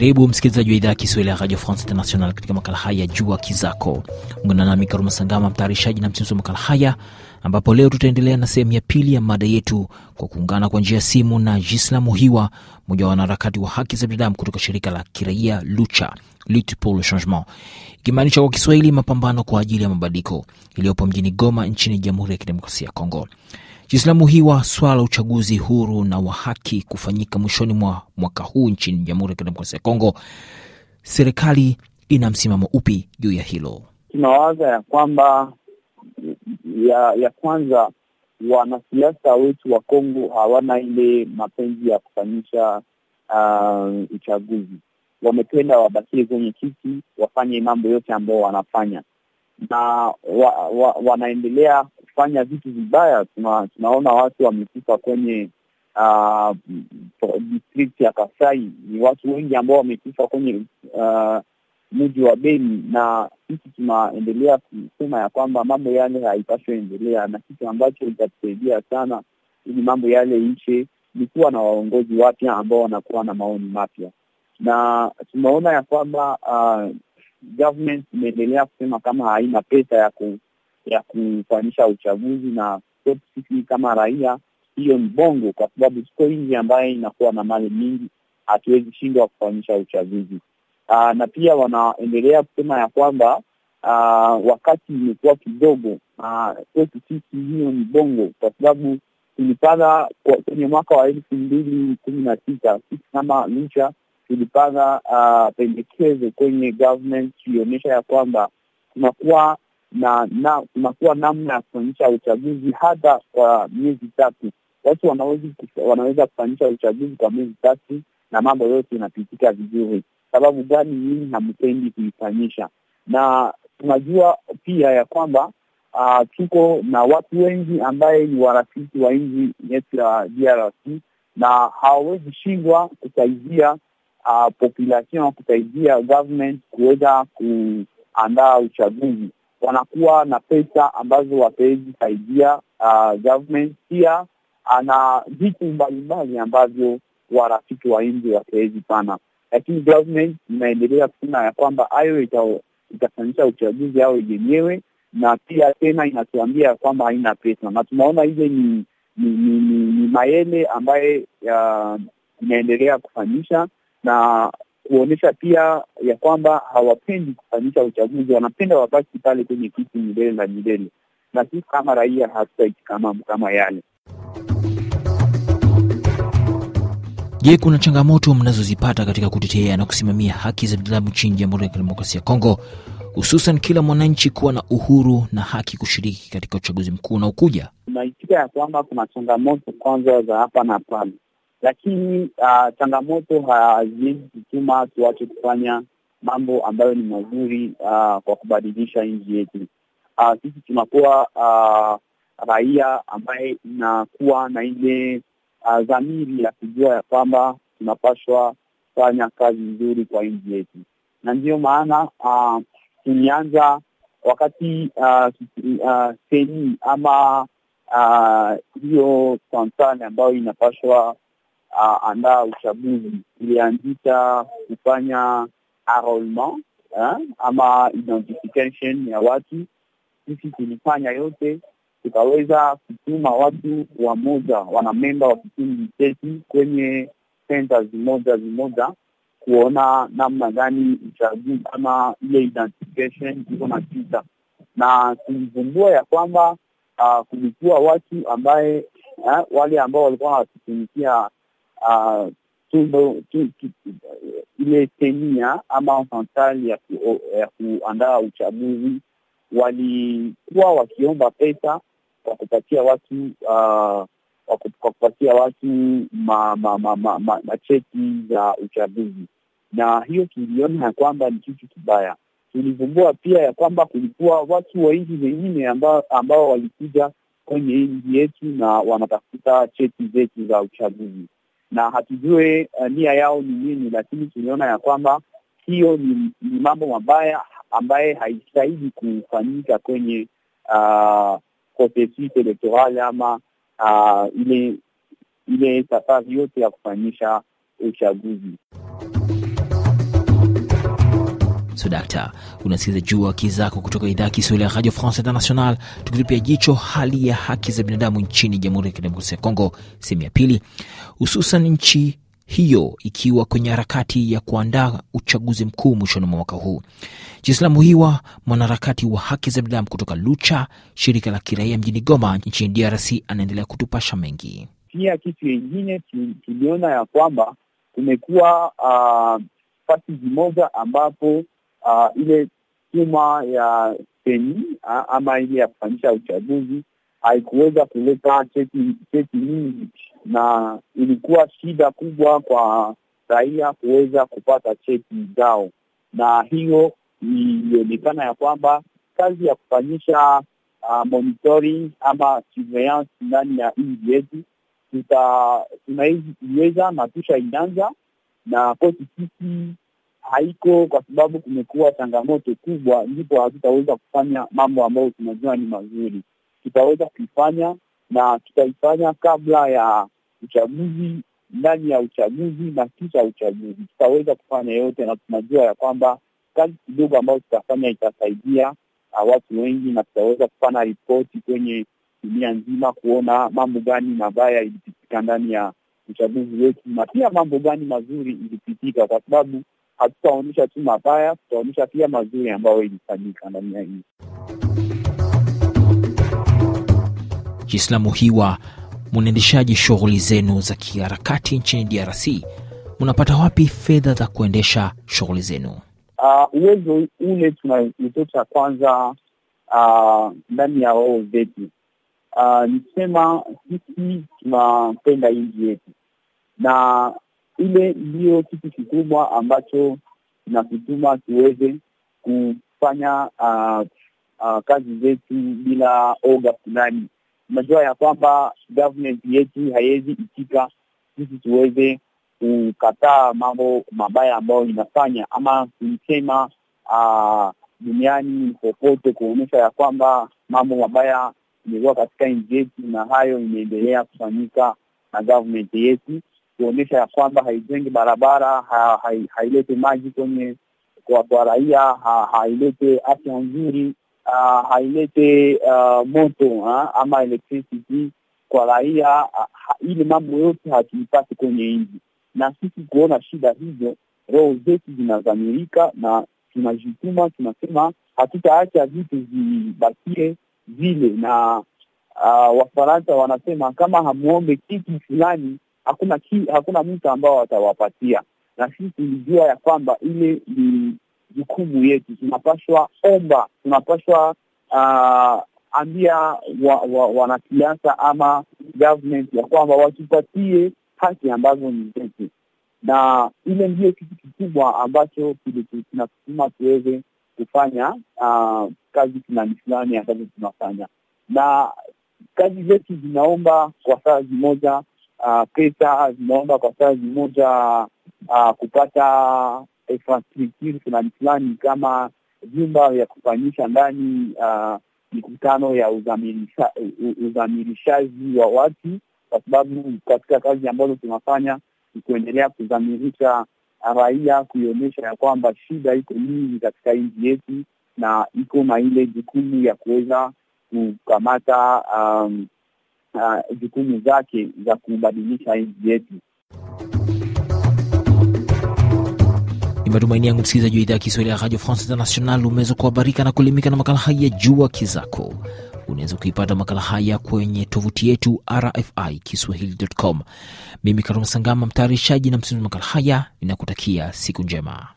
Karibu msikilizaji wa idhaa ya Kiswahili ya Radio France International katika makala haya Jua Kizako. Ungana nami Karuma Sangama, mtayarishaji na msimuzi wa makala haya, ambapo leo tutaendelea na sehemu ya pili ya mada yetu kwa kuungana kwa njia ya simu na Jisla Muhiwa, mmoja wa wanaharakati wa haki za binadamu kutoka shirika la kiraia Lucha, Lutte pour le Changement, ikimaanisha kwa Kiswahili mapambano kwa ajili ya mabadiliko, iliyopo mjini Goma nchini Jamhuri ya Kidemokrasia ya Kongo. Kiislamu hiwa swala la uchaguzi huru na wa haki kufanyika mwishoni mwa mwaka huu nchini Jamhuri ya Kidemokrasia ya Kongo, serikali ina msimamo upi juu ya hilo? Tunawaza ya kwamba ya, ya kwanza wanasiasa wetu wa Kongo hawana ile mapenzi ya kufanyisha uh, uchaguzi. Wamependa wabakie kwenye kiti, wafanye mambo yote ambayo wanafanya na wa, wa, wanaendelea kufanya vitu vibaya. Tuna, tunaona watu wamekufa kwenye uh, district ya Kasai, ni watu wengi ambao wamekufa kwenye uh, mji wa Beni, na sisi tunaendelea kusema ya kwamba mambo yale haipashoendelea na kitu ambacho itatusaidia sana ili mambo yale ishe ni kuwa na waongozi wapya ambao wanakuwa na maoni mapya, na tumeona ya kwamba uh, government imeendelea kusema kama haina pesa ya ku ya kufanyisha uchaguzi, na sisi kama raia hiyo ni bongo, kwa sababu tuko nchi ambaye inakuwa na mali mingi, hatuwezi shindwa kufanyisha uchaguzi. Aa, ah, na pia wanaendelea kusema ya kwamba aa, ah, wakati imekuwa kidogo, na ah, kwetu sisi hiyo ni bongo, kwa sababu tulipanga kwenye mwaka wa elfu mbili kumi na sita sisi kama Lucha tulipanga pendekezo kwenye government tulionyesha ya kwamba kunakuwa na na kunakuwa namna ya kufanyisha uchaguzi hata kwa miezi tatu. Watu wanaweza kufanyisha uchaguzi kwa miezi tatu na mambo yote inapitika vizuri. Sababu gani nini hampendi kuifanyisha? Na tunajua pia ya kwamba uh, tuko na watu wengi ambaye ni warafiki wa nchi yetu ya DRC na hawawezi shindwa kusaidia uh, population kusaidia government kuweza kuandaa uchaguzi wanakuwa na pesa ambazo watawezi saidia uh, government pia ana vitu mbalimbali ambavyo warafiki wa nje watawezi pana, lakini government inaendelea kusema ya kwamba hayo itafanyisha uchaguzi ao yenyewe, na pia tena inatuambia ya kwamba haina pesa, na tunaona ile ni ni, ni, ni, ni mayele ambaye uh, inaendelea kufanyisha na kuonyesha pia ya kwamba hawapendi kufanyisha uchaguzi, wanapenda wabaki pale kwenye kiti milele na milele, na sisi kama raia hatutaitikamamu kama yale. Je, kuna changamoto mnazozipata katika kutetea na kusimamia haki za binadamu nchini Jamhuri ya Kidemokrasia ya Kongo, hususan kila mwananchi kuwa na uhuru na haki kushiriki katika uchaguzi mkuu unaokuja? Tunaitika ya kwamba kuna changamoto kwanza za hapa na pale lakini uh, changamoto haziwezi kutuma tuache kufanya mambo ambayo ni mazuri uh, kwa kubadilisha nchi yetu. Uh, sisi tunakuwa uh, raia ambaye inakuwa na ile uh, dhamiri ya kujua ya kwamba tunapashwa fanya kazi nzuri kwa nchi yetu, na ndiyo maana uh, tulianza wakati uh, uh, seni ama uh, hiyo kampani ambayo inapashwa uh, andaa uchaguzi ilianzisha kufanya enrollment eh, ama identification ya watu. Sisi tulifanya yote, tukaweza kutuma watu wamoja memba wa kikundi chetu kwenye senta zimoja zimoja kuona namna gani uchaguzi ama ile identification iko na pita, na tulivumbua ya kwamba uh, kulikuwa watu ambaye eh, wale ambao walikuwa wanatutumikia Ah, ile tenia ama enfantali ya, ku, ya kuandaa uchaguzi walikuwa wakiomba pesa kwa kupatia watu uh, kwa kupatia watu ma, ma, ma, ma, ma, macheti za uchaguzi, na hiyo tuliona ya kwamba ni kitu kibaya. Tulivumbua pia ya kwamba kulikuwa watu wa wengine zengine ambao, walikuja kwenye nji yetu na wanatafuta cheti zetu za uchaguzi na hatujue uh, nia yao ni nini, lakini tuliona ya kwamba hiyo ni, ni mambo mabaya ambaye haistahili kufanyika kwenye uh, ah, processus electoral ama uh, ile ile safari yote ya kufanyisha uchaguzi dakta, Unasikiliza juu haki zako kutoka idhaa ya Kiswahili ya Radio France International, tukitupia jicho hali ya haki za binadamu nchini Jamhuri ya Kidemokrasia ya Kongo, sehemu ya pili, hususan nchi hiyo ikiwa kwenye harakati ya kuandaa uchaguzi mkuu mwishoni mwa mwaka huu. Jislamu Muhiwa, mwanaharakati wa haki za binadamu kutoka Lucha, shirika la kiraia mjini Goma nchini DRC, anaendelea kutupasha mengi. Pia kitu yengine tuliona ya kwamba kumekuwa uh, fasi zimoja ambapo uh, ile tuma ya seni ama ile ya kufanyisha uchaguzi haikuweza kuleta cheti, nyingi, na ilikuwa shida kubwa kwa raia kuweza kupata cheti zao, na hiyo ilionekana ya kwamba kazi ya kufanyisha uh, monitoring ama surveillance ndani ya nchi yetu tunaiweza na tusha inanza na koti sisi haiko kwa sababu kumekuwa changamoto kubwa, ndipo hatutaweza kufanya mambo ambayo tunajua ni mazuri. Tutaweza kuifanya na tutaifanya kabla ya uchaguzi, ndani ya uchaguzi na kisha uchaguzi. Tutaweza kufanya yote, na tunajua ya kwamba kazi kidogo ambayo tutafanya itasaidia ah, watu wengi, na tutaweza kufanya ripoti kwenye dunia nzima kuona mambo gani mabaya ilipitika ndani ya uchaguzi wetu na pia mambo gani mazuri ilipitika, kwa sababu hatutaonyesha tu mabaya, tutaonyesha pia mazuri ambayo ilifanyika ndani ya nchi. Kiislamu hiwa, mnaendeshaji shughuli zenu za kiharakati nchini DRC, mnapata wapi fedha za kuendesha shughuli zenu? Uh, uwezo ule tunautota kwanza ah, ndani uh, ya roho zetu uh, nisema sisi tunapenda nchi yetu na ile ndiyo kitu kikubwa ambacho inatutuma tuweze kufanya uh, uh, kazi zetu bila oga fulani. Unajua ya kwamba government yetu haiwezi itika sisi tuweze kukataa mambo mabaya ambayo inafanya ama kuisema uh, duniani popote, kuonyesha ya kwamba mambo mabaya imekuwa katika nchi yetu, na hayo imeendelea kufanyika na government yetu kuonyesha ya kwamba haijengi barabara, hailete maji kwenye kwa raia, hailete afya nzuri, hailete moto ama electricity kwa raia. Ile mambo yote hatuipati kwenye nji, na sisi kuona shida hizo, roho zetu zinazamirika na tunajituma, tunasema hatutaacha vitu vibakie vile, na uh, Wafaransa wanasema kama hamwombe kitu fulani hakuna ki, hakuna mtu ambao atawapatia, na sisi tulijua ya kwamba ile ni jukumu yetu, tunapashwa omba, tunapashwa uh, ambia wanasiasa wa, wa ama government ya kwamba watupatie haki ambazo ni zetu, na ile ndiyo kitu kikubwa ambacho kinatutuma tuweze kufanya uh, kazi fulani fulani ambazo tunafanya, na kazi zetu zinaomba kwa saa zimoja uh, ah, pesa zinaomba kwa sazi moja uh, ah, kupata infrastructure fulani fulani kama vyumba vya kufanyisha ndani uh, mikutano ya uzamirishaji wa watu, kwa sababu katika kazi ambazo tunafanya ni kuendelea kuzamirisha raia, kuionyesha ya kwamba shida iko nyingi katika nji yetu, na iko na ile jukumu ya kuweza kukamata um, jukumu uh, zake za kubadilisha nchi yetu. Ni matumaini yangu msikilizaji wa idhaa ya Kiswahili ya Radio France International umeweza kuhabarika na kuelimika na makala haya Jua Kizako. Unaweza kuipata makala haya kwenye tovuti yetu RFI Kiswahili.com. Mimi Karuma Sangama, mtayarishaji na msimuzi makala haya, ninakutakia siku njema.